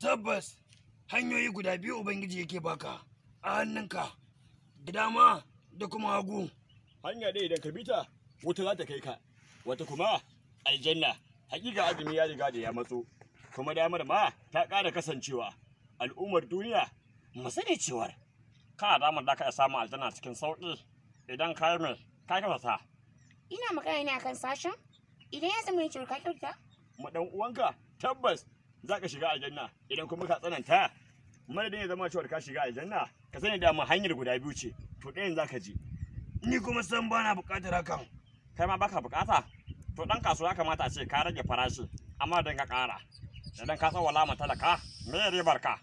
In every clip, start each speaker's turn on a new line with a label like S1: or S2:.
S1: tabbas hanyoyi guda biyu ubangiji yake baka a hannunka da dama da kuma hagu hanya ɗaya idan ka bita wuta za ta kai ka wata kuma aljanna hakika azumi ya riga da ya matso kuma damar ma ta ƙara kasancewa al'ummar duniya masu ne cewar ka damar da ka samu aljanna cikin sauƙi idan ka yi mai ka kyautata ina magana ne akan sashen idan ya zama cewar ka kyauta ma dan uwanka tabbas za ka shiga aljanna idan kuma ka tsananta madadin ya zama cewa ka shiga aljanna ka sani da mu hanyar guda biyu ce to ɗayan za ka je? ni kuma san ba na buƙatar hakan kai ma baka buƙata to ɗan kasuwa kamata a ce ka rage farashi amma don ka ƙara idan ka wala ma talaka me ribar ka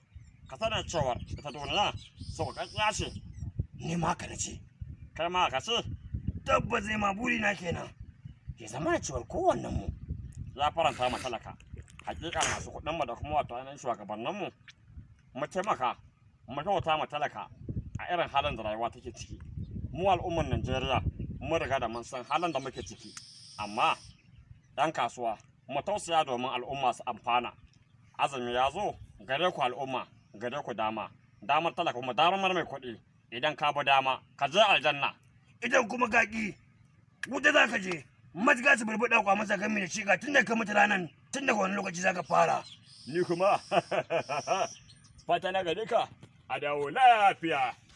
S1: ka sanar cewa ta duniya ka ce ni ma ka nace kai ma ka ce tabbas ne, ma burina kenan ya zama a cewar kowannen mu ya faranta ma talaka hakika masu kuɗin mu da kuma wato ainihin shugabannin mu mu taimaka mu kyauta mu talaka a irin halin da rayuwa take ciki mu al'ummar Najeriya mu riga da mun san halin da muke ciki amma dan kasuwa mu tausaya domin al'umma su amfana azumi ya zo gare ku al'umma gare ku dama damar talaka kuma damar mai kuɗi idan ka bi dama ka je aljanna idan kuma gaƙi wuta za ka je matuƙa su burbuɗa kwa masa gami da shiga tun da ka mutu ranar tun da wani lokaci za ka fara ni kuma fata na gare ka a dawo lafiya